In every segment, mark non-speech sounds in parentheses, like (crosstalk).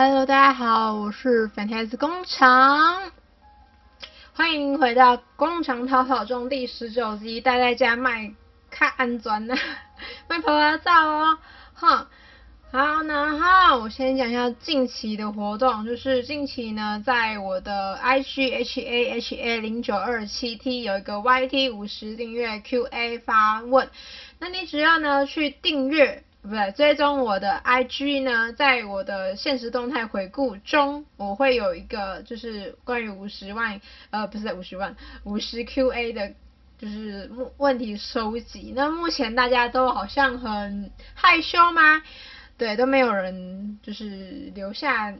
Hello，大家好，我是 Fantastic 弓長，歡迎回到弓長逃跑中第十九集，待在家卡安全呢、啊，賣婆婆照哦，哼。好，然後我先講一下近期的活動，就是近期呢，在我的 IG haha 零九二七 T 有一個 YT 五十訂閱 QA 發問，那你只要呢去訂閱。不對，追蹤我的 IG 呢，在我的現實動態回顧中，我會有一個就是關於五十萬，呃，不是五十萬，五十 QA 的，就是問題收集。那目前大家都好像很害羞嗎？對，都沒有人就是留下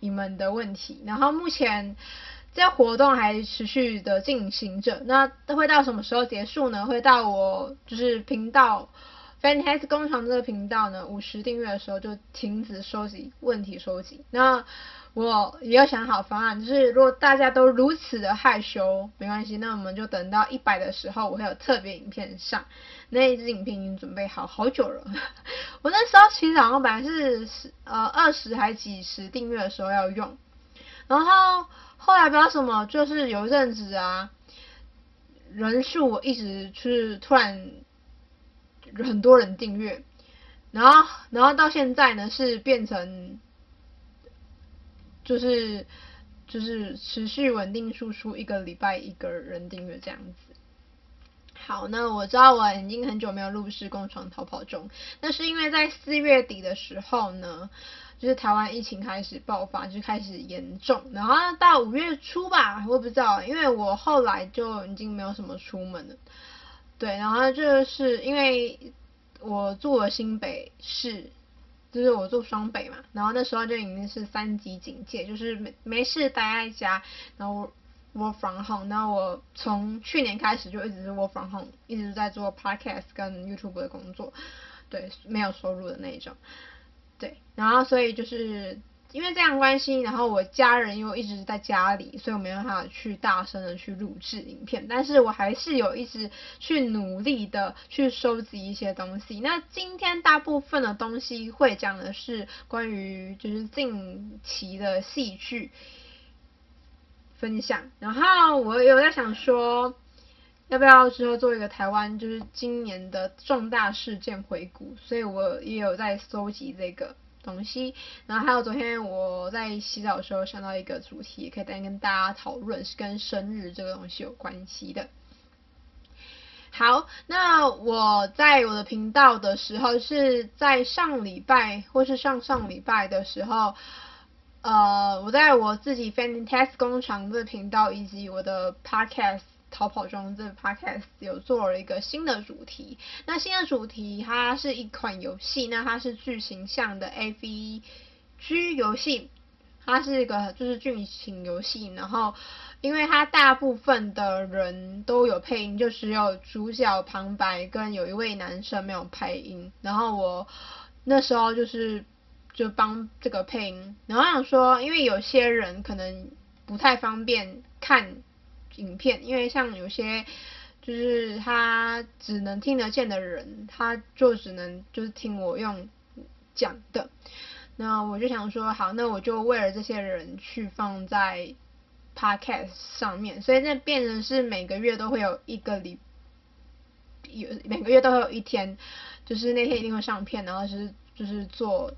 你們的問題。然後目前這活動還持續的進行着，那會到什麼時候結束呢？會到我就是頻道。以你還是弓長這個頻道呢，五十訂閱的時候就停止收集問題收集。那我也要想好方案，就是如果大家都如此的害羞，沒關係，那我們就等到一百的時候，我會有特別影片上。那一支影片已經準備好好久了。 (laughs) 我那時候其實好像本來是呃二十還幾十訂閱的時候要用，然後後來不知道什麼，就是有一陣子啊人數我一直就是突然。很多人訂閱，然後，然後到現在呢是變成，就是，就是持續穩定輸出一個禮拜一個人訂閱這樣子。好，那我知道我已經很久沒有錄《是弓長逃跑中》，那是因為在四月底的時候呢，就是台灣疫情開始爆發就是、開始嚴重，然後到五月初吧，我不知道，因為我後來就已經沒有什麼出門了。對，然後就是因為我住了新北市，就是我住雙北嘛，然後那時候就已經是三級警戒，就是沒沒事待在家，然後我，我 work from home。然後我從去年開始就一直是 work from home，一直在做 podcast 跟 YouTube 的工作，對，沒有收入的那一種。對，然後所以就是。因為這樣關係，然後我家人又一直在家裡，所以我沒辦法去大聲的去錄製影片，但是我還是有一直去努力的去收集一些東西。那今天大部分的東西會講的是關於就是近期的戲劇分享，然後我有在想說，要不要之後做一個台灣就是今年的重大事件回顧，所以我也有在搜集這個。東西，然後還有昨天我在洗澡的時候想到一個主題，可以再跟大家討論，是跟生日這個東西有關係的。好，那我在我的頻道的時候，是在上禮拜或是上上禮拜的時候，呃，我在我自己 Fantastic 工廠的頻道以及我的 Podcast。逃跑中的這個 podcast 有做了一個新的主題，那新的主題它是一款遊戲，那它是劇情向的 AVG 遊戲，它是一個就是劇情遊戲。然後因為它大部分的人都有配音，就只有主角旁白跟有一位男生沒有配音。然後我那時候就是就幫這個配音。然後我想說，因為有些人可能不太方便看。影片，因為像有些就是他只能聽得見的人，他就只能就是聽我用講的。那我就想說，好，那我就為了這些人去放在 Podcast 上面，所以那變成是每個月都會有一個禮，有每個月都會有一天，就是那天一定會上片，然後、就是就是做。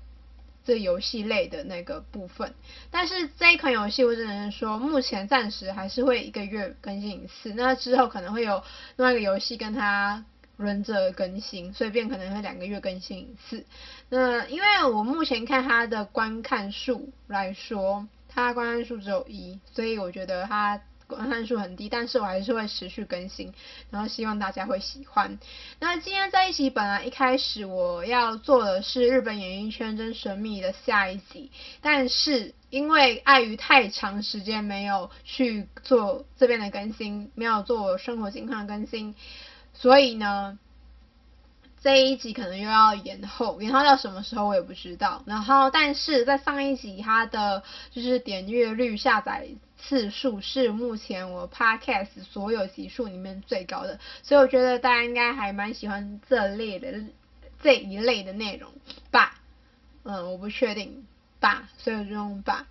這遊戲類的那個部分，但是這一款遊戲我只能說，目前暫時還是會一個月更新一次。那之後可能會有另外一個遊戲跟它輪着更新，所以變可能會兩個月更新一次。那因為我目前看它的觀看數來說，它觀看數只有一，所以我覺得它。觀看數很低，但是我還是會持續更新，然後希望大家會喜歡。那今天這一集本來一開始我要做的是日本演藝圈真神秘的下一集，但是因為礙於太長時間沒有去做這邊的更新，沒有做生活情況的更新，所以呢這一集可能又要延後，延後到什麼時候我也不知道。然後但是在上一集它的就是點閱率下載。次數是目前我 podcast 所有集數裡面最高的，所以我覺得大家應該還蠻喜歡這類的這一類的內容吧，嗯，我不確定吧，所以我就用吧“吧”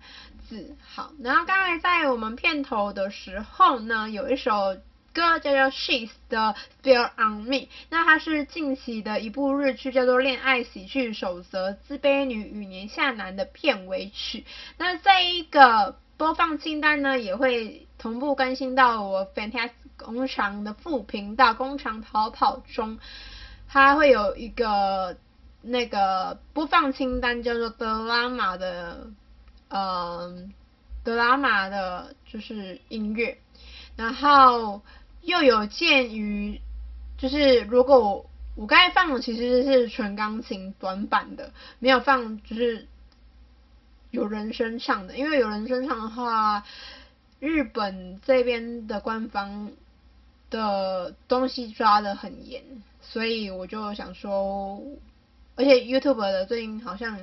字好。然後剛才在我們片頭的時候呢，有一首歌叫做 She's 的《Spell on Me》，那它是近期的一部日劇叫做《戀愛喜劇守則：自卑女與年下男》的片尾曲，那這一個。播放清單呢也會同步更新到我 fantastic 弓長的副頻道《弓長逃跑》中，它會有一個那個播放清單叫做《Drama》的，呃，《Drama》的就是音樂。然後又有鑒於，就是如果我我剛才放的其實是純鋼琴短版的，沒有放就是。有人聲唱的，因為有人聲唱的話，日本這邊的官方的東西抓得很嚴，所以我就想說，而且 YouTube 的最近好像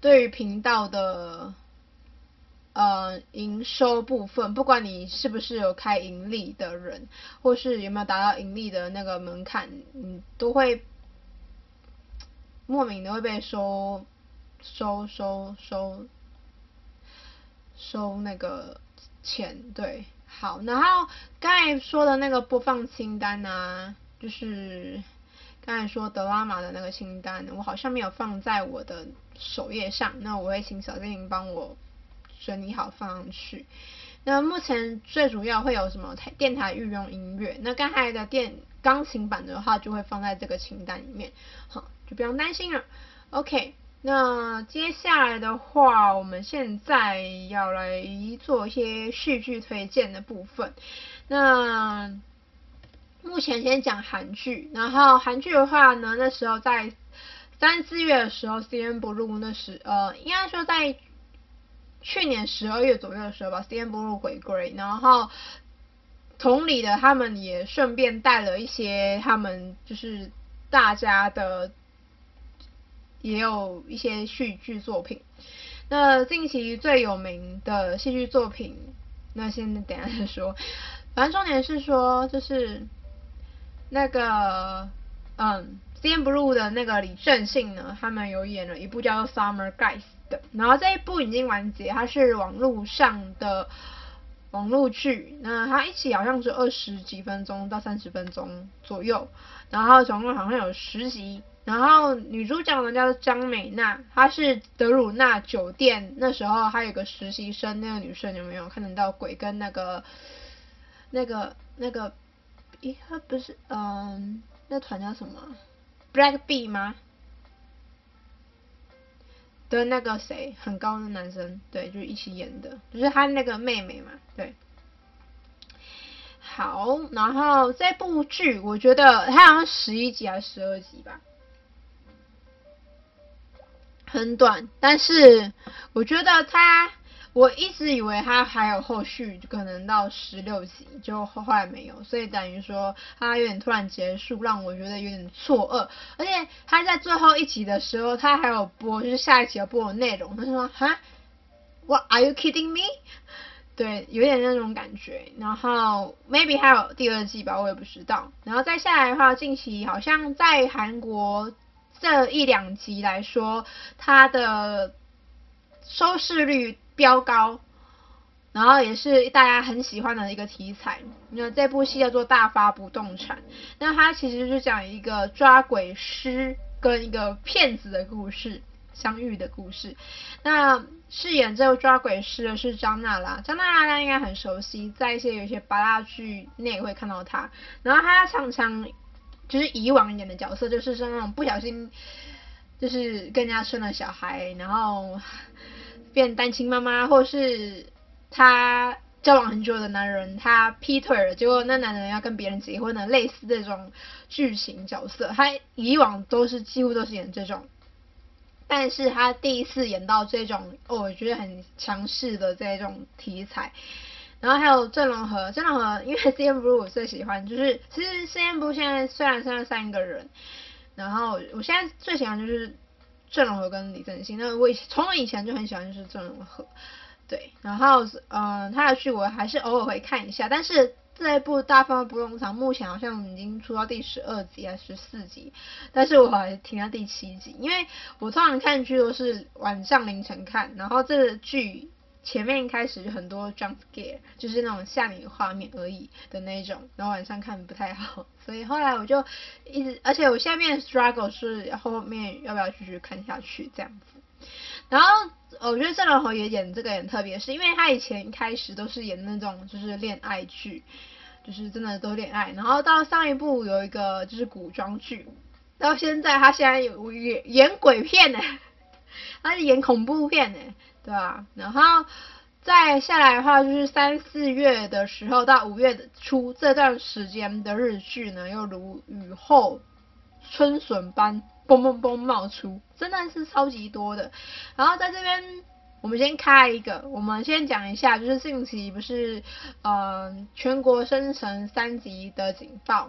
對於頻道的，呃，營收部分，不管你是不是有開盈利的人，或是有沒有達到盈利的那個門檻，你都會莫名的會被收。收收收收，那個錢，對，好，然後剛才說的那個播放清單呢、啊，就是剛才說德拉瑪的那個清單，我好像沒有放在我的首頁上，那我會請小精靈幫我整理好放上去。那目前最主要會有什麼台電台御用音樂，那剛才的電鋼琴版的話就會放在這個清單裡面，好，就不用擔心了。OK。那接下來的話，我們現在要來做一些戲劇推薦的部分。那目前先講韓劇，然後韓劇的話呢，那時候在三四月的時候，CNBLUE 那時呃，應該說在去年十二月左右的時候吧，CNBLUE 回歸，然後同理的他們也順便帶了一些他們就是大家的。也有一些戲劇作品。那近期最有名的戲劇作品，那先等一下再說。反正重點是說，就是那個嗯，CNBLUE 的那個李正信呢，他們有演了一部叫《Summer Guys》的。然後這一部已經完結，它是網絡上的網絡劇。那它一集好像是二十幾分鐘到三十分鐘左右，然後總共好像有十集。然後女主角呢，叫張美娜，她是德魯納酒店那時候還有個實習生，那個女生有沒有看得到鬼跟那個，那個那個，咦，他不是嗯、呃，那團叫什麼 Black B 嗎？跟那個誰，很高的男生，對，就一起演的，就是他那個妹妹嘛，對。好，然後這部劇我覺得它好像十一集還是十二集吧。很短，但是我覺得他，我一直以為他還有後續，可能到十六集就後後來沒有，所以等於說他有點突然結束，讓我覺得有點錯愕。而且他在最後一集的時候，他還有播，就是下一集要播的內容，他、就是、說哈，What are you kidding me？對，有點那種感覺。然後 maybe 還有第二季吧，我也不知道。然後再下來的話，近期好像在韓國，這一兩集來說，它的收視率飆高，然後也是大家很喜歡的一個題材。那這部戲叫做《大發不動產》，那它其實是講一個抓鬼師跟一個騙子的故事相遇的故事。那飾演這個抓鬼師的是張娜拉，張娜拉大家應該很熟悉，在一些有一些八大劇內會看到她。然後她常常。其實以往演的角色，就是像那種不小心，就是跟人家生了小孩，然後變單親媽媽，或是她交往很久的男人，他劈腿了，結果那男人要跟別人結婚的，類似這種劇情角色，她以往都是幾乎都是演這種，但是她第一次演到這種，哦，我覺得很強勢的這種題材。然後還有鄭容和，鄭容和，因為 CNBLUE 我最喜歡，就是其實 CNBLUE 現在雖然剩了三個人，然後我現在最喜歡就是鄭容和跟李正信，那我從我以前就很喜歡就是鄭容和，對，然後嗯、呃，他的劇我還是偶爾會看一下，但是這一部《大奉不用常》目前好像已經出到第十二集還是十四集，但是我才停到第七集，因為我通常看劇都是晚上凌晨看，然後這個劇。前面一開始就很多 jump scare，就是那種嚇你畫面而已的那種，然後晚上看不太好，所以後來我就一直，而且我下面 struggle 是後面要不要繼續看下去這樣子。然後我覺得鄭容和也演這個演特別，是因為他以前一開始都是演那種就是戀愛劇，就是真的都戀愛，然後到上一部有一個就是古裝劇，到現在他現在有演演鬼片呢、欸，他是演恐怖片呢、欸。對啊，然後再下來的話，就是三四月的時候到五月初這段時間的日劇呢，又如雨後春筍般，嘣嘣嘣冒出，真的是超級多的。然後在這邊，我們先開一個，我們先講一下，就是近期不是，嗯、呃，全國升成三級的警報，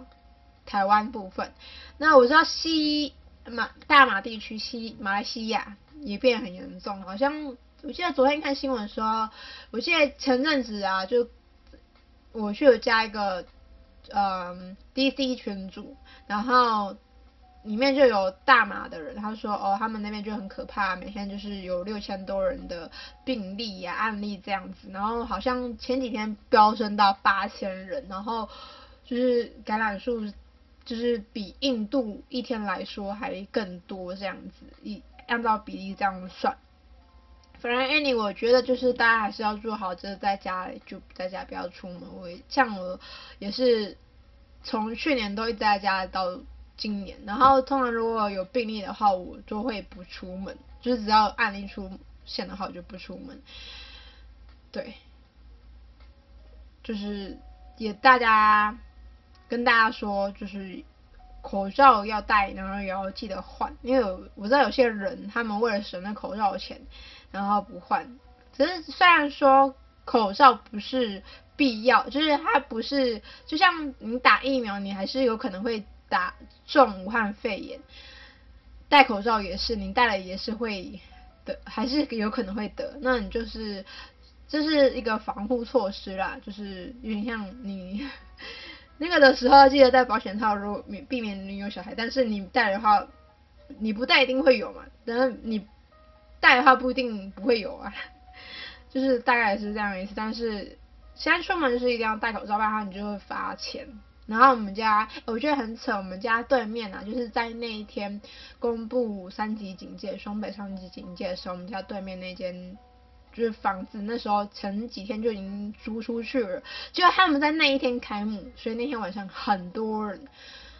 台灣部分。那我知道西馬、大馬地區西馬來西亞也變得很嚴重，好像。我記得昨天看新聞說，我記得前陣子啊，就我去有加一個，嗯，D C 群組，然後裡面就有大馬的人，他說哦，他們那邊就很可怕，每天就是有六千多人的病例啊、案例這樣子，然後好像前幾天飆升到八千人，然後就是感染數就是比印度一天來說還更多這樣子，一按照比例這樣算。反正 Any 我覺得就是大家還是要做好，就是在家裡，就在家不要出門。我也，像我也是從去年都一直在家到今年，然後通常如果有病例的話，我就會不出門，就是只要案例出現的話，我就不出門。對，就是也大家跟大家說，就是口罩要戴，然後也要記得換，因為我知道有些人他們為了省那口罩錢。然後不換，只是雖然說口罩不是必要，就是它不是，就像你打疫苗，你還是有可能會打中武漢肺炎，戴口罩也是，你戴了也是會的，還是有可能會得。那你就是這是一個防護措施啦，就是有點像你那個的時候記得戴保險套，如果免避免你有小孩，但是你戴的話，你不戴一定會有嘛，但是你。戴的話不一定不會有啊，就是大概是這樣的意思。但是現在出門就是一定要戴口罩，不然的話你就會罰錢。然後我們家我覺得很扯，我們家對面啊，就是在那一天公布三級警戒、雙北三級警戒的時候，我們家對面那間就是房子那時候前幾天就已經租出去了，就他們在那一天開幕，所以那天晚上很多人。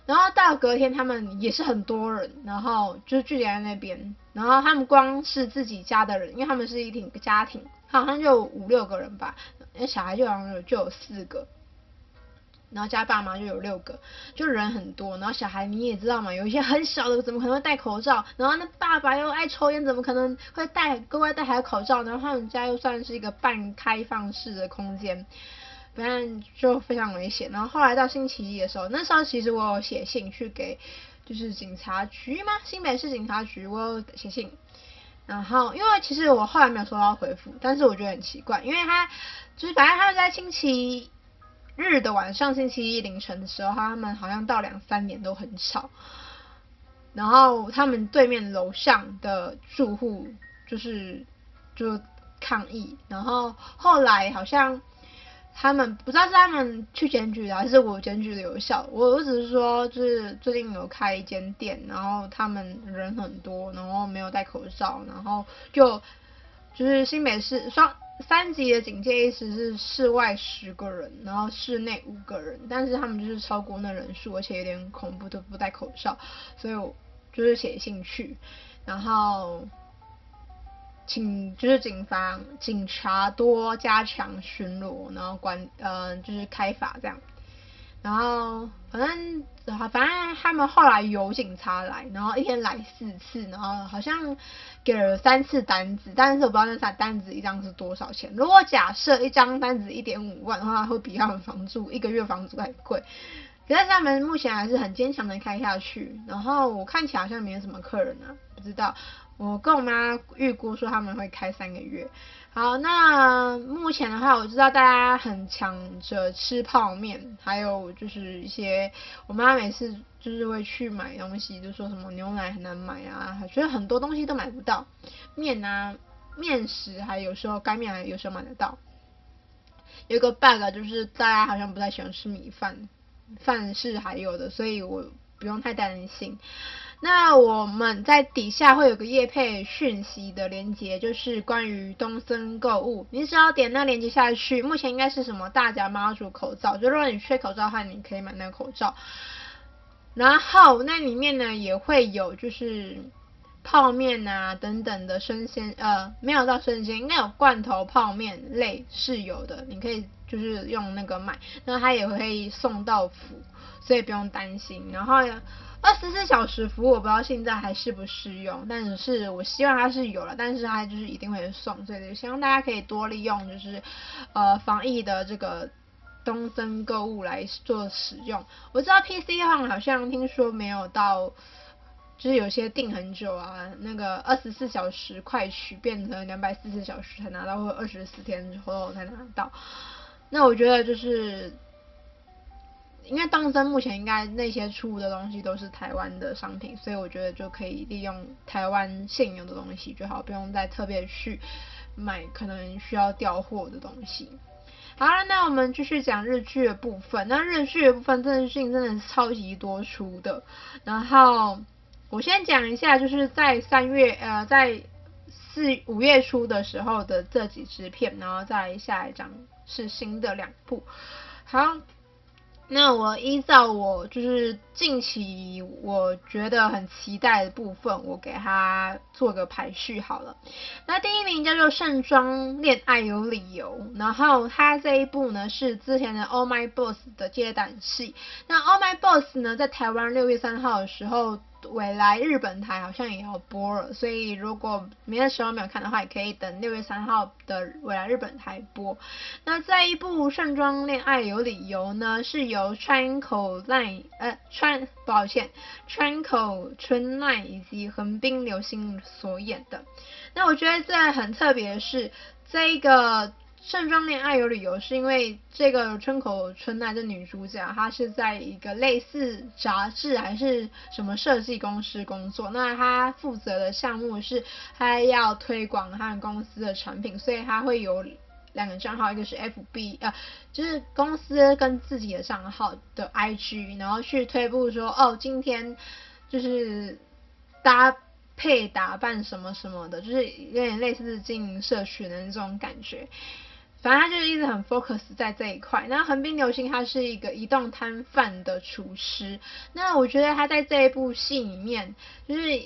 然後到隔天，他們也是很多人，然後就是聚集在那邊。然後他們光是自己家的人，因為他們是一整家庭，好像就有五六個人吧。那小孩就好像有就有四個，然後加爸媽就有六個，就人很多。然後小孩你也知道嘛，有一些很小的怎麼可能會戴口罩？然後那爸爸又愛抽菸，怎麼可能會戴額外戴還有口罩？然後他們家又算是一個半開放式的空間。不然就非常危險。然後後來到星期一的時候，那時候其實我有寫信去給，就是警察局嗎？新北市警察局，我有寫信。然後因為其實我後來沒有收到回復，但是我覺得很奇怪，因為他就是反正他們在星期日的晚上、星期一凌晨的時候，他們好像到兩三點都很吵。然後他們對面樓上的住戶就是就抗議。然後後來好像。他們不知道是他們去檢舉的還、啊、是我檢舉的有效，我我只是說就是最近有開一間店，然後他們人很多，然後沒有戴口罩，然後就就是新北市上三級的警戒，意思是室外十個人，然後室內五個人，但是他們就是超過那人數，而且有點恐怖，都不戴口罩，所以我就是寫信去，然後。請，就是警方警察多加強巡邏，然後管呃就是開罰這樣，然後反正反正他們後來有警察來，然後一天來四次，然後好像給了三次單子，但是我不知道那啥單子一張是多少錢。如果假設一張單子一點五萬的話，會比他們房租一個月房租還貴。可是他們目前還是很堅強的開下去，然後我看起來好像沒有什麼客人吶，不知道。我跟我媽預估說他們會開三個月。好，那目前的話，我知道大家很搶着吃泡麵，還有就是一些，我媽每次就是會去買東西，就說什麼牛奶很難買啊，覺得很多東西都買不到，麵啊、麵食還有時候乾麵還有時候買得到。有一個 bug 就是大家好像不太喜歡吃米飯。飯是還有的，所以我不用太擔心。那我們在底下會有個業配訊息的連接，就是關於東森購物，你只要點那連接下去，目前應該是什麼大甲媽祖口罩，就如果你缺口罩的話，你可以買那個口罩。然後那裡面呢也會有就是泡麵啊等等的生鮮，呃，沒有到生鮮，應該有罐頭泡麵類是有的，你可以。就是用那個買，那他也會送到府，所以不用擔心。然後二十四小時服務，我不知道現在還適不適用，但是我希望它是有了，但是它就是一定會送，所以就希望大家可以多利用就是呃防疫的這個東森購物來做使用。我知道 PChome 好像聽說沒有到，就是有些訂很久啊，那個二十四小時快取變成兩百四十小時才拿到，或者二十四天之後才拿到。那我覺得就是，因為當真目前應該那些出的東西都是台灣的商品，所以我覺得就可以利用台灣現有的東西就好，不用再特別去買可能需要調貨的東西。好了，那我們繼續講日劇的部分。那日劇的部分，真的真的是超級多出的。然後我先講一下，就是在三月呃在四五月初的時候的這幾支片，然後再下一張。是新的兩部，好，那我依照我就是近期我覺得很期待的部分，我給它做個排序好了。那第一名叫做《盛裝戀愛有理由》，然後他這一部呢是之前的《Oh My Boss》的接檔戲。那《Oh My Boss》呢，在台灣六月三號的時候。未來日本台好像也要播了，所以如果明天時候沒有看的話，也可以等六月三號的未來日本台播。那這一部《盛裝戀愛有理由》呢，是由川口奈呃川，抱歉川口春奈以及橫濱流星所演的。那我覺得這很特別是這一個。盛裝戀愛有理由，是因為這個川口春奈的女主角，她是在一個類似雜誌還是什麼設計公司工作。那她負責的項目是她要推廣她的公司的產品，所以她會有兩個賬號，一個是 F B 啊、呃，就是公司跟自己的賬號的 I G，然後去推布說哦，今天就是搭配打扮什麼什麼的，就是有點類似經營社群的那種感覺。反正他就是一直很 focus 在這一塊。那橫濱流星他是一個移動攤販的廚師。那我覺得他在這一部戲裡面，就是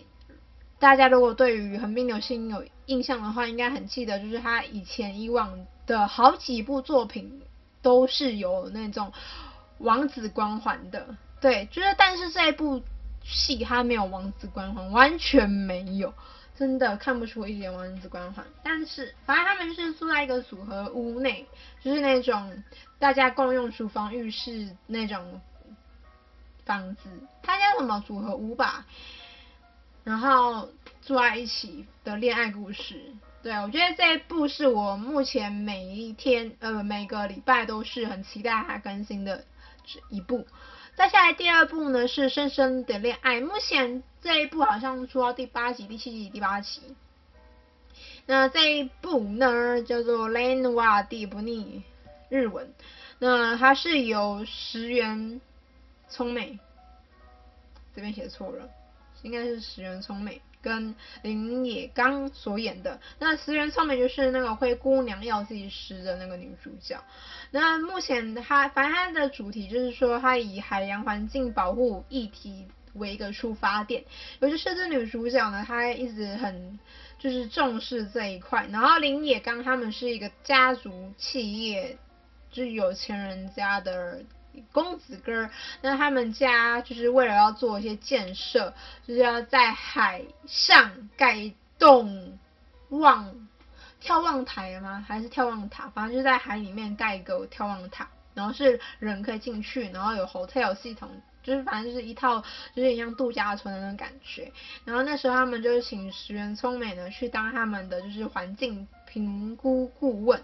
大家如果對於橫濱流星有印象的話，應該很記得，就是他以前以往的好幾部作品都是有那種王子光環的。對，就是但是這一部戲他沒有王子光環，完全沒有。真的看不出一點王子光環，但是反正他們是住在一個組合屋內，就是那種大家共用廚房、浴室那種房子，他叫什麼組合屋吧？然後住在一起的戀愛故事，對，我覺得這一部是我目前每一天呃每個禮拜都是很期待它更新的這一部。再下來第二部呢是《深深的戀愛》，目前這一部好像出到第八集、第七集、第八集。那這一部呢叫做《戀襪底不膩》，uni, 日文。那它是由石原聰美，這邊寫錯了，應該是石原聰美。跟林野剛所演的那，石原聰美就是那個灰姑娘藥劑師的那個女主角，那目前她，反正她的主題就是說她以海洋環境保護議題為一個出發點，尤其是這女主角呢，她一直很就是重視這一塊，然後林野剛他們是一個家族企業，就是有錢人家的。公子哥，那他們家就是為了要做一些建設，就是要在海上蓋一棟望，眺望台了嗎？還是眺望塔？反正就是在海裡面蓋一個眺望塔，然後是人可以進去，然後有 hotel 系統，就是反正就是一套就是一樣度假村的那種感覺。然後那時候他們就是請石原聰美呢去當他們的就是環境評估顧問。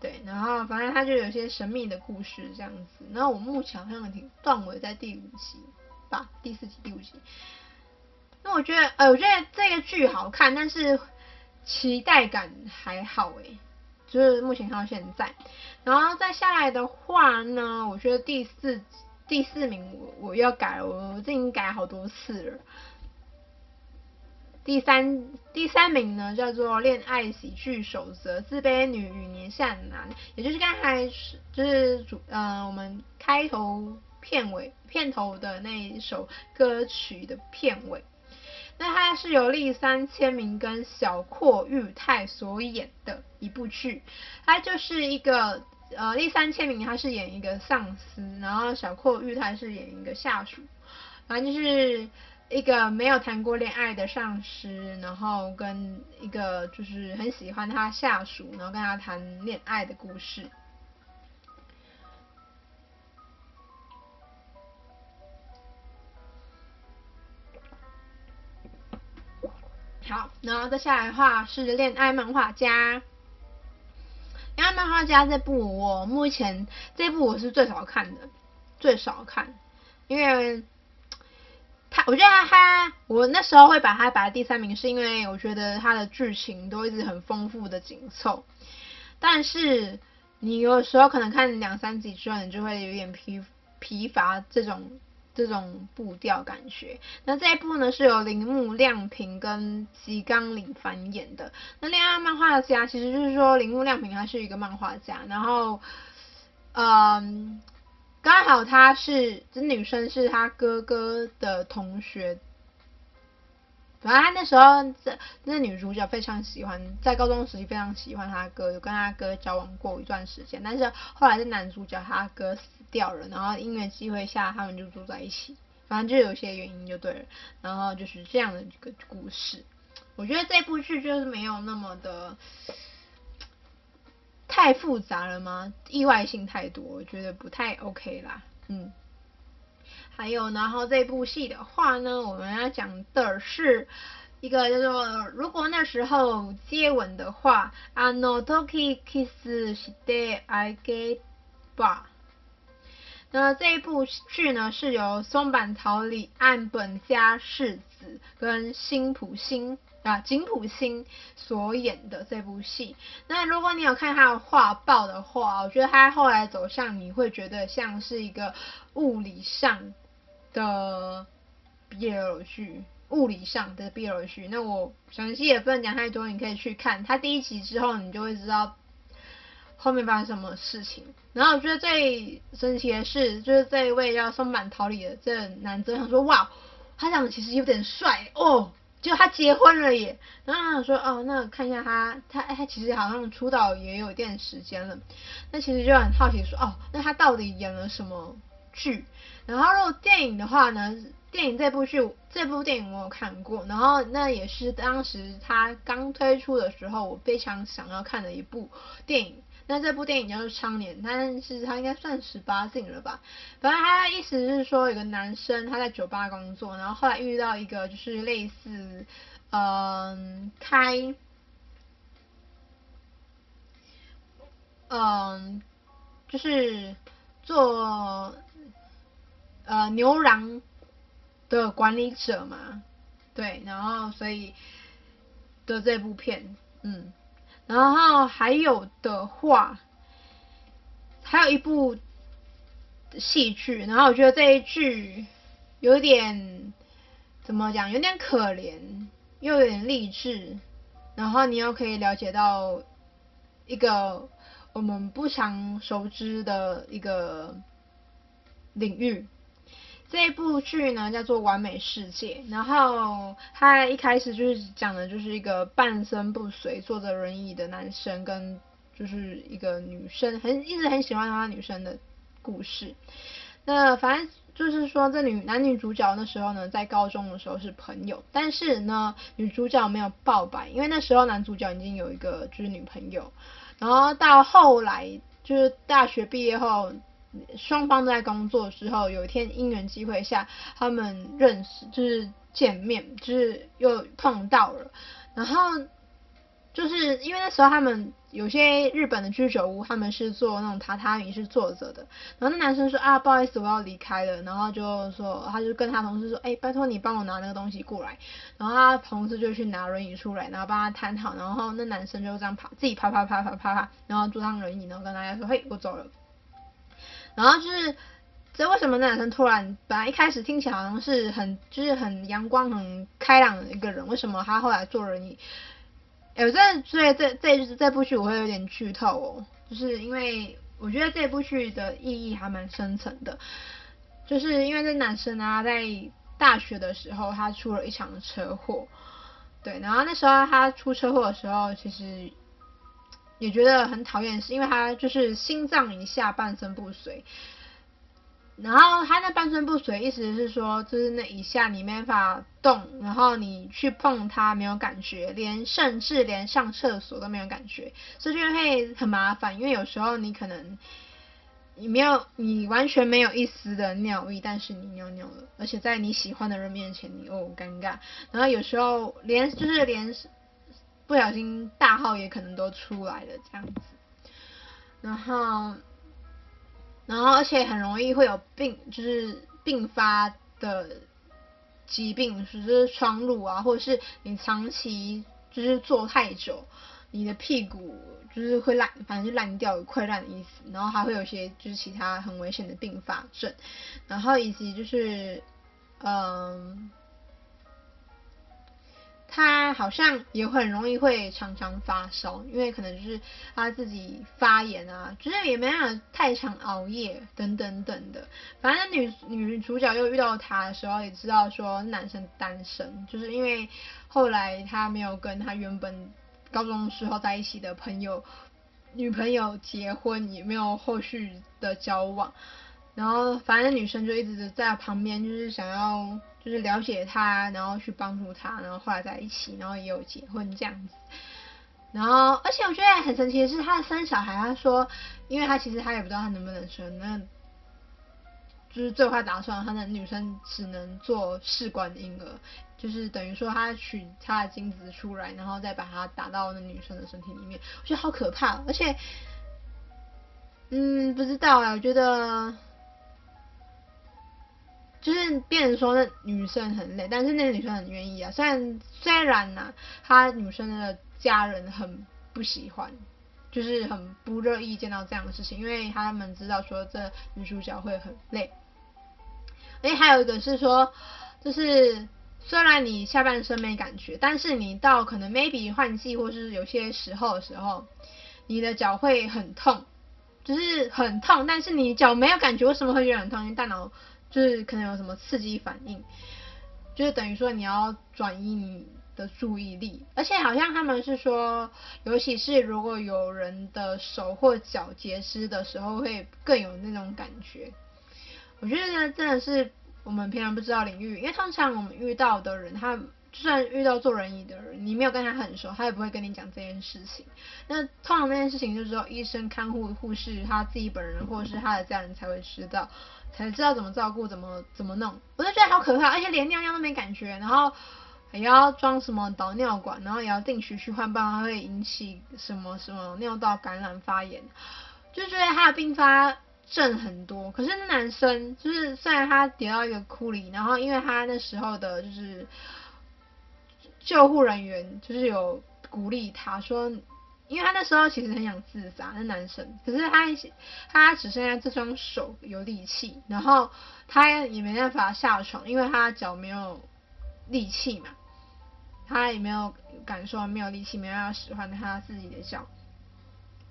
對，然後反正他就有些神秘的故事這樣子。然後我目前好像挺斷尾在第五集吧，第四集、第五集。那我覺得，呃，我覺得這個劇好看，但是期待感還好誒，就是目前看到現在，然後再下來的話呢，我覺得第四第四名我我要改了，我我這已經改好多次了。第三第三名呢，叫做《戀愛喜劇守則：自卑女與年下男》，也就是剛才、就是，就是主呃我們開頭片尾片頭的那一首歌曲的片尾。那它是由栗山千明跟小關裕太所演的一部劇，它就是一個呃栗山千明他是演一個上司，然後小關裕太是演一個下屬，反正就是。一個沒有談過戀愛的上司，然後跟一個就是很喜歡他下屬，然後跟他談戀愛的故事。好，然後接下來的話是《戀愛漫畫家》。《戀愛漫畫家》這部我目前這部我是最少看的，最少看，因為。我覺得哈，我那時候會把它擺在第三名，是因為我覺得它的劇情都一直很豐富的緊湊。但是你有時候可能看兩三集之後，你就會有點疲疲乏這種這種步調感覺。那這一部呢，是由鈴木亮平跟吉岡凛翻衍的。那戀愛漫畫家其實就是說鈴木亮平他是一個漫畫家，然後，嗯、呃。剛好他是這是女生是他哥哥的同學，反正他那時候這那女主角非常喜歡，在高中時期非常喜歡他哥，有跟他哥交往過一段時間。但是後來這男主角他哥死掉了，然後因為機會下他們就住在一起，反正就有些原因就對了。然後就是這樣的一個故事，我覺得這部劇就是沒有那麼的。太複雜了嗎？意外性太多，我覺得不太 OK 啦。嗯，還有，然後這部戲的話呢，我們要講的是一個叫做“如果那時候接吻的話”，あのときキスしておけば。那這一部劇呢是由松坂桃李、岸本加世子跟新浦新，啊，井浦新所演的這部戲，那如果你有看他的畫報的話，我覺得他後來走向你會覺得像是一個物理上的 B L 劇，物理上的 B L 劇。那我詳細也不能講太多，你可以去看他第一集之後，你就會知道後面發生什麼事情。然後我覺得最神奇的是，就是這一位叫松坂桃李的這男的，我想說，哇，他長得其實有點帥哦。就他結婚了耶，然後他說哦，那看一下他，他他其實好像出道也有一段時間了，那其實就很好奇說哦，那他到底演了什麼劇？然後如果電影的話呢，電影這部劇這部電影我有看過，然後那也是當時他剛推出的時候，我非常想要看的一部電影。那這部電影叫做《娼年》，但是它應該算十八禁了吧？反正它的意思是說，有個男生他在酒吧工作，然後後來遇到一個就是類似，嗯、呃，開，嗯、呃，就是做呃牛郎的管理者嘛，對，然後所以的這部片，嗯。然後還有的話，還有一部戲劇，然後我覺得這一句有點怎麼講？有點可憐，又有點勵志，然後你又可以了解到一個我們不常熟知的一個領域。這部劇呢，叫做《完美世界》，然後它一開始就是講的，就是一個半身不遂坐着輪椅的男生跟就是一個女生，很一直很喜歡他女生的故事。那反正就是說，這女男女主角那時候呢，在高中的時候是朋友，但是呢，女主角沒有告白，因為那時候男主角已經有一個就是女朋友。然後到後來就是大學畢業後。雙方都在工作之後，有一天因緣機會下，他們認識，就是見面，就是又碰到了。然後就是因為那時候他們有些日本的居酒屋，他們是坐那種榻榻米是坐着的。然後那男生說啊，不好意思，我要離開了。然後就說，他就跟他同事說，哎，拜托你幫我拿那個東西過來。然後他同事就去拿輪椅出來，然後幫他攤好。然後那男生就這樣爬，自己爬爬爬爬爬爬，然後坐上輪椅，然後跟大家說，嘿，我走了。然後就是這為什麼那男生突然，本來一開始聽起來好像是很就是很陽光、很開朗的一個人，為什麼他後來做了你？哎，這所以這這這這部劇我會有點劇透哦，就是因為我覺得這部劇的意義還蠻深層的，就是因為這男生啊，他在大學的時候他出了一場車禍，對，然後那時候他出車禍的時候其實。也覺得很討厭，是因為他就是心臟以下半身不遂，然後他那半身不遂意思是說，就是那以下你沒辦法動，然後你去碰他沒有感覺，連甚至連上廁所都沒有感覺，所以就會很麻煩，因為有時候你可能，你沒有你完全沒有一絲的尿意，但是你尿尿了，而且在你喜歡的人面前你又、哦、尷尬，然後有時候連就是連。不小心大號也可能都出來了這樣子，然後，然後而且很容易會有病，就是病發的疾病，就是雙乳啊，或者是你長期就是坐太久，你的屁股就是會爛，反正就爛掉，有潰爛的意思，然後還會有些就是其他很危險的併發症，然後以及就是嗯。他好像也很容易會常常發燒，因為可能就是他自己發炎啊，就是也沒辦法太常熬夜等等等等的。反正女女主角又遇到他的時候，也知道說男生單身，就是因為後來他沒有跟他原本高中時候在一起的朋友女朋友結婚，也沒有後續的交往，然後反正女生就一直在旁邊，就是想要。就是了解他，然後去幫助他，然後後來在一起，然後也有結婚這樣子。然後，而且我覺得很神奇的是，他的三小孩，他說，因為他其實他也不知道他能不能生，那就是最後他打算他的女生只能做試管嬰兒，就是等於說他取他的精子出來，然後再把它打到那女生的身體裡面。我覺得好可怕，哦，而且，嗯，不知道啊，我覺得。就是變成說那女生很累，但是那個女生很願意啊。雖然雖然呢、啊，她女生的家人很不喜歡，就是很不樂意見到這樣的事情，因為他們知道說這女主角會很累。哎，還有一個是說，就是雖然你下半身沒感覺，但是你到可能 maybe 換季或是有些時候的時候，你的腳會很痛，就是很痛。但是你腳沒有感覺，為什麼會覺得很痛？因為大腦。就是可能有什麼刺激反應，就是等於說你要轉移你的注意力，而且好像他們是說，尤其是如果有人的手或腳截肢的時候，會更有那種感覺。我覺得這真的是我們平常不知道領域，因為通常我們遇到的人他。就算遇到坐輪椅的人，你沒有跟他很熟，他也不會跟你講這件事情。那通常那件事情就是說醫生看、看護、護士他自己本人或者是他的家人才會知道，才知道怎麼照顧、怎麼怎麼弄。我就覺得好可怕，而且連尿尿都沒感覺，然後也要裝什麼導尿管，然後也要定期去換，不然會引起什麼什麼尿道感染、發炎，就覺得他的併發症很多。可是男生就是，雖然他跌到一個窟窿，然後因為他那時候的就是。救護人員就是有鼓勵他說，因為他那時候其實很想自殺，那男生，可是他他只剩下這雙手有力氣，然後他也沒辦法下床，因為他腳沒有力氣嘛，他也沒有感受、沒有力氣，沒辦法使喚他自己的腳，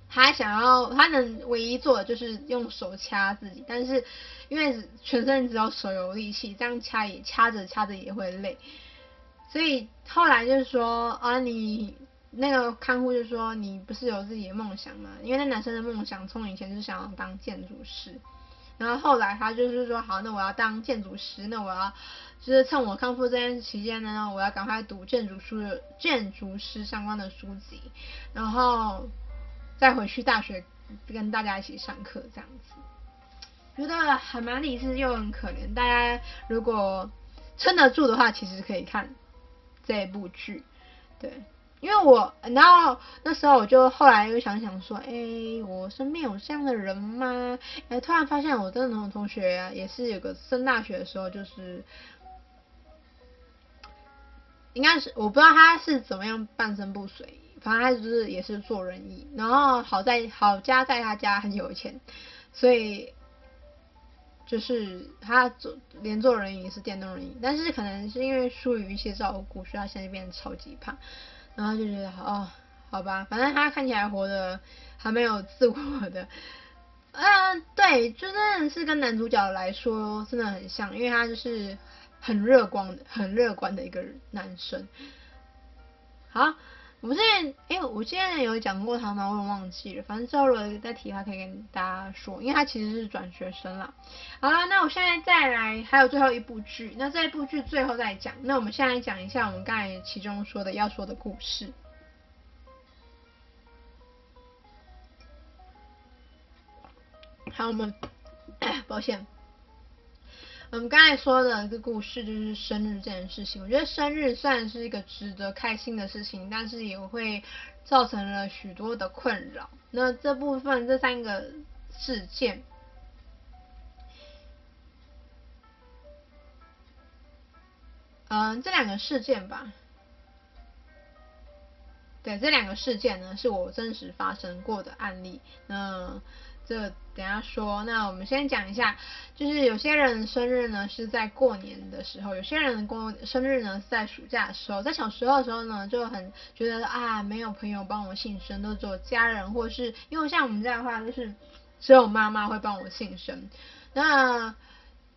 他想要他能唯一做的就是用手掐自己，但是因為全身只有手有力氣，這樣掐也掐着掐着也會累。所以後來就是說啊、哦，你那個看護就是說你不是有自己的夢想嗎？因為那男生的夢想從以前就是想要當建築師，然後後來他就是說好，那我要當建築師，那我要就是趁我康復這段期間呢，我要趕快讀建築書、建築師相關的書籍，然後再回去大學跟大家一起上課這樣子，覺得還蠻勵志又很可憐。大家如果撐得住的話，其實可以看。這部劇，對，因為我，然後那時候我就後來又想想說，哎、欸，我身邊有這樣的人嗎？哎，突然發現我真的同同學、啊、也是有個升大學的時候就是，應該是我不知道他是怎麼樣半身不遂，反正他就是也是做人醫，然後好在好家在他家很有錢，所以。就是他坐連坐輪椅也是電動輪椅，但是可能是因為疏於一些照顧，所以他現在變得超級胖。然後就覺得好、哦，好吧，反正他看起來活得還沒有自我的。嗯、呃，對，就真的是跟男主角來說真的很像，因為他就是很樂觀、很樂觀的一個男生。好。我現在哎，我現在有講過他嗎？我忘記了，反正之後如果再提他，可以跟大家說，因為他其實是轉學生了。好了，那我現在再來，還有最後一部劇，那這一部劇最後再講。那我們現在講一下我們剛才其中說的要說的故事，還有我們，抱 (coughs) 歉。保我們剛才說的這個故事就是生日這件事情。我覺得生日雖然是一個值得開心的事情，但是也會造成了許多的困擾。那這部分這三個事件，嗯，這兩個事件吧，對，這兩個事件呢是我真實發生過的案例。那這。等下說，那我們先講一下，就是有些人的生日呢是在過年的時候，有些人的過生日呢是在暑假的時候。在小時候的時候呢，就很覺得啊，沒有朋友幫我慶生，都只有家人或是因為像我們家的話，就是只有媽媽會幫我慶生。那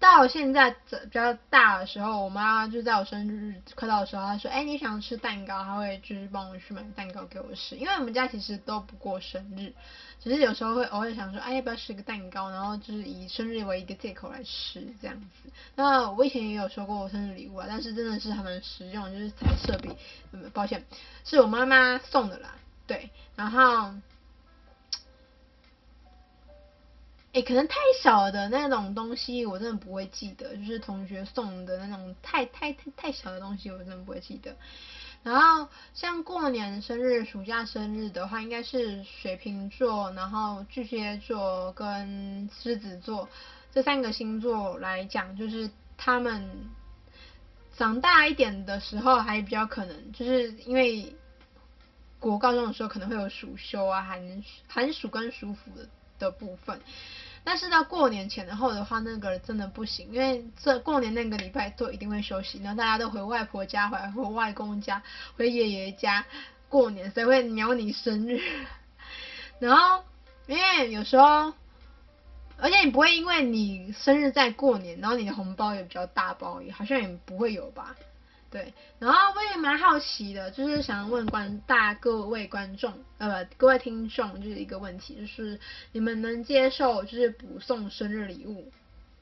到現在這比較大的時候，我媽就在我生日快到的時候，她說：“哎，你想吃蛋糕？”她會就是幫我去買蛋糕給我吃。因為我們家其實都不過生日，只是有時候會偶爾想說：“哎，要不要吃個蛋糕？”然後就是以生日為一個借口來吃這樣子。那我以前也有收過我生日禮物啊，但是真的是還蠻實用，就是彩色筆。嗯，抱歉，是我媽媽送的啦。對，然後。誒，可能太小的那種東西，我真的不會記得。就是同學送的那種太太太太小的東西，我真的不會記得。然後像過年生日、暑假生日的話，應該是水瓶座、然後巨蟹座跟獅子座這三個星座來講，就是他們長大一點的時候還比較可能，就是因為國高中的時候可能會有暑休啊、寒寒暑跟暑伏的。的部分，但是到過年前後的話，那個真的不行，因為這過年那個禮拜都一定會休息，然後大家都回外婆家、回外回外公家、回爺爺家過年，所以會瞄你生日， (laughs) 然後因為有時候，而且你不會因為你生日在過年，然後你的紅包也比較大包，也好像也不會有吧。對，然後我也蠻好奇的，就是想問觀大各位觀眾，呃不，各位聽眾，就是一個問題，就是你們能接受就是補送生日禮物，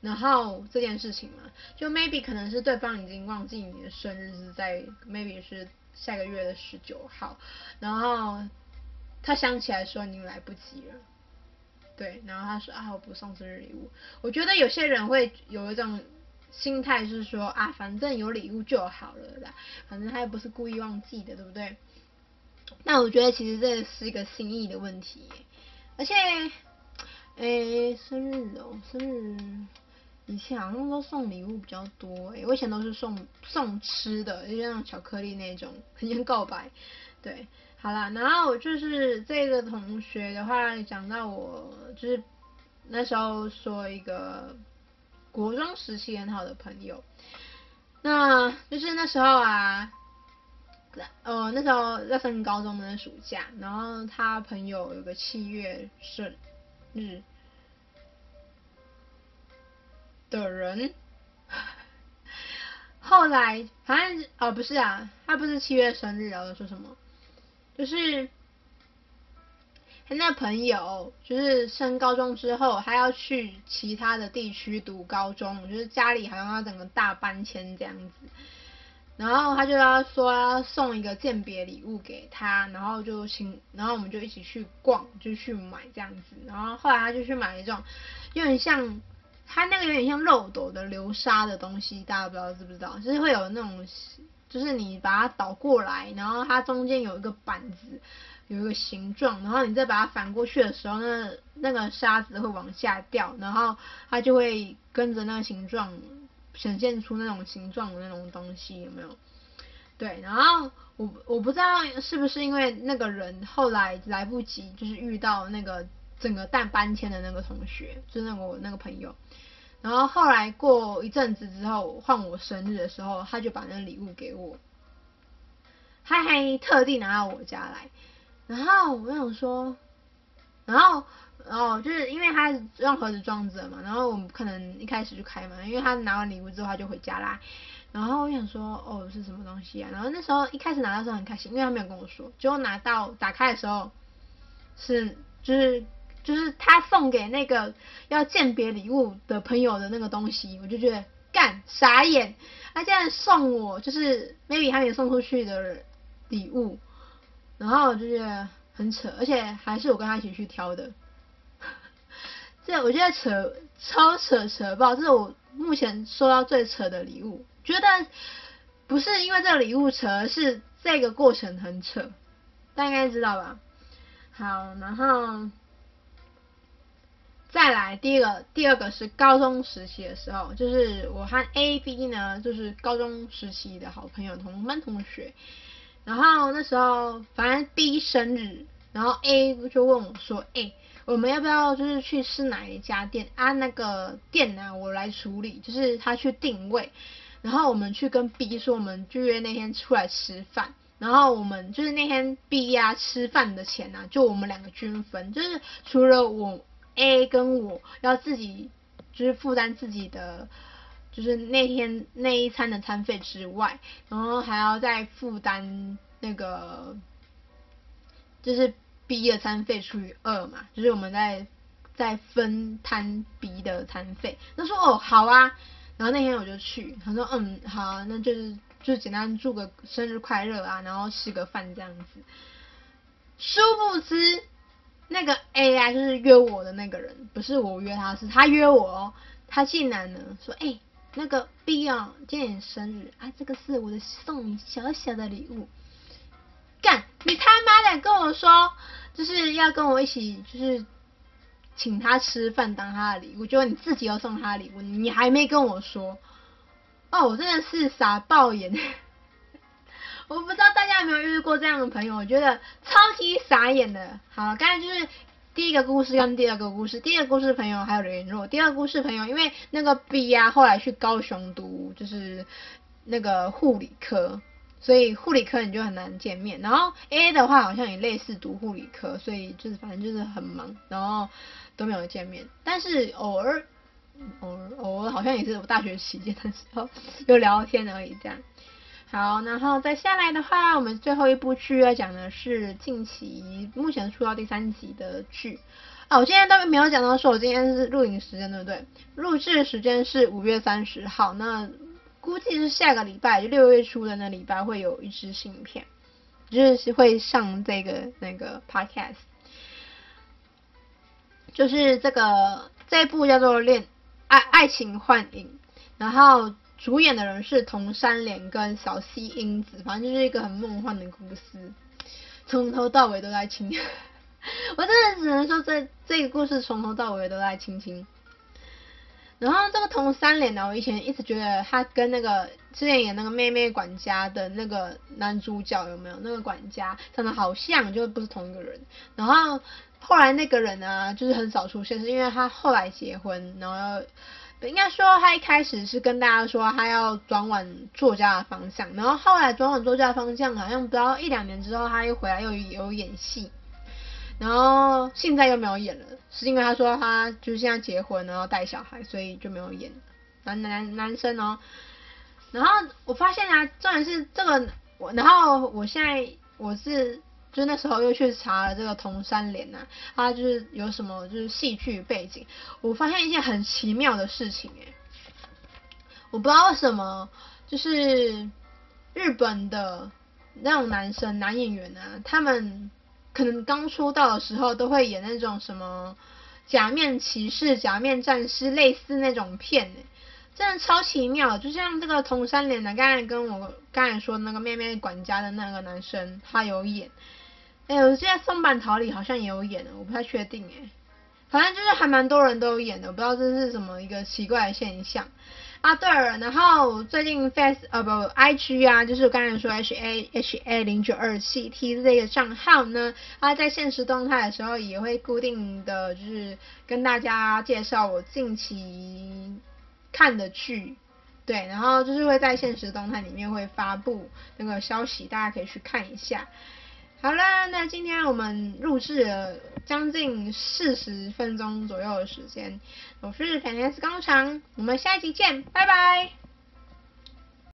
然後這件事情嗎，啊？就 maybe 可能是對方已經忘記你的生日是在 maybe 是下個月的十九號，然後他想起來說你來不及了，對，然後他說啊我補送生日禮物，我覺得有些人會有一種。心態是說啊，反正有禮物就好了啦，反正他又不是故意忘記的，對不對？那我覺得其實這是一個心意的問題，而且，誒，生日哦，生日以前好像都送禮物比較多，我以前都是送送吃的，就像巧克力那種，很像告白。對，好了，然後就是這個同學的話，講到我就是那時候說一個。國中時期很好的朋友，那就是那時候啊，呃，那時候在上高中的那暑假，然後他朋友有個七月生日的人，後來反正、啊、哦不是啊，他不是七月生日然後說什麼，就是。他那朋友就是升高中之後，他要去其他的地區讀高中，就是家裡好像要整個大搬遷這樣子。然後他就要說要送一個餞別禮物給他，然後就請，然後我們就一起去逛，就去買這樣子。然後後來他就去買一種有點像他那個有點像漏斗的流沙的東西，大家不知道知不知道？就是會有那種，就是你把它倒過來，然後它中間有一個板子。有一個形狀，然後你再把它翻過去的時候，那那個沙子會往下掉，然後它就會跟着那個形狀顯現出那種形狀的那種東西，有沒有？對，然後我我不知道是不是因為那個人後來來不及，就是遇到那個整個蛋搬遷的那個同學，就是那我那個朋友，然後後來過一陣子之後，換我生日的時候，他就把那個禮物給我，嗨嗨，特地拿到我家來。然後我想說，然後，哦，就是因為他用盒子裝着嘛，然後我們可能一開始就開嘛，因為他拿完禮物之後他就回家啦。然後我想說，哦，是什麼東西啊？然後那時候一開始拿到的時候很開心，因為他沒有跟我說。結果拿到打開的時候，是就是就是他送給那個要鑑別禮物的朋友的那個東西，我就覺得幹傻眼，他竟然送我就是 maybe 他沒送出去的禮物。然後我就覺得很扯，而且還是我跟他一起去挑的， (laughs) 這我覺得扯超扯扯爆，這是我目前收到最扯的禮物。覺得不是因為這個禮物扯，而是這個過程很扯，大家應該知道吧？好，然後再來第一個，第二個是高中時期的時候，就是我和 A、B 呢，就是高中時期的好朋友、同班同學。然後那時候，反正 B 生日，然後 A 就問我說：“誒、欸，我們要不要就是去吃哪一家店啊？那個店呢、啊，我來處理，就是他去定位。然後我們去跟 B 說，我們預約那天出來吃飯。然後我們就是那天 B 呀、啊、吃飯的錢吶、啊，就我們兩個均分，就是除了我 A 跟我要自己就是負擔自己的。”就是那天那一餐的餐費之外，然後還要再負擔那個，就是 B 的餐費除以二嘛，就是我們在在分攤 B 的餐費。他說：“哦，好啊。”然後那天我就去。他說：“嗯，好啊，那就是就簡單祝個生日快樂啊，然後吃個飯這樣子。”殊不知，那個 A 啊就是約我的那個人，不是我約他是，是他約我哦。他竟然呢說：“哎。”那個 Beyond 今天也生日啊，這個是我的送你小小的禮物。幹，你他媽的跟我說就是要跟我一起就是請他吃飯當他的禮物？結果你自己要送他禮物，你還沒跟我說。哦，我真的是傻爆眼。我不知道大家有沒有遇過這樣的朋友，我覺得超級傻眼的。好，剛才就是。第一個故事跟第二個故事，第二個故事朋友還有劉雲若，第二個故事朋友，因為那個 B 啊，後來去高雄讀就是那個護理科，所以護理科你就很難見面。然後 A 的話，好像也類似讀護理科，所以就是反正就是很忙，然後都沒有見面，但是偶爾，偶爾，偶爾好像也是我大學期間的時候又聊天而已，這樣。好，然後再下來的話，我們最後一部劇要講的是近期目前出到第三集的劇。哦，我今天都沒有講到說，我今天是錄影時間對不對？錄製時間是五月三十號，那估計是下個禮拜，六月初的那禮拜會有一支新片，就是會上這個那個 podcast，就是這個這一部叫做戀《戀愛愛情幻影》，然後。主演的人是童三連跟小西英子，反正就是一個很夢幻的故事，從頭到尾都在親， (laughs) 我真的只能說，這這個故事從頭到尾都在親親。然後這個童三連呢，我以前一直覺得他跟那個之前演那個妹妹管家的那個男主角有沒有那個管家長得好像，就不是同一個人。然後後來那個人呢、啊，就是很少出現，是因為他後來結婚，然後又。應該說，他一開始是跟大家說他要轉往作家的方向，然後後來轉往作家的方向，好像不到一兩年之後，他又回來又有演戲，然後現在又沒有演了，是因為他說他就是現在結婚，然後帶小孩，所以就沒有演男男男生哦、喔，然後我發現啊，重點是這個我，然後我現在我是。就那時候又去查了這個桐山漣吶、啊，他就是有什麼就是戲劇背景，我發現一件很奇妙的事情哎、欸，我不知道為什麼，就是日本的那種男生男演員吶、啊，他們可能剛出道的時候都會演那種什麼假面騎士、假面戰士類似那種片、欸、真的超奇妙。就像這個桐山漣吶、啊，剛才跟我剛才說那個妹妹管家的那個男生，他有演。哎、欸，我記得松坂桃李好像也有演，我不太確定哎、欸。反正就是還蠻多人都有演的，我不知道這是什麼一個奇怪的現象。啊，對了，然後最近 Face 呃、啊、不 IG 啊，就是我剛才說 H A H A 零九二七 T Z 的賬號呢，它在限時動態的時候也會固定的就是跟大家介紹我近期看的劇，對，然後就是會在限時動態裡面會發布那個消息，大家可以去看一下。好了，那今天我們錄製了將近四十分鐘左右的時間。我是 Fantastic 弓長，我們下一期見，拜拜。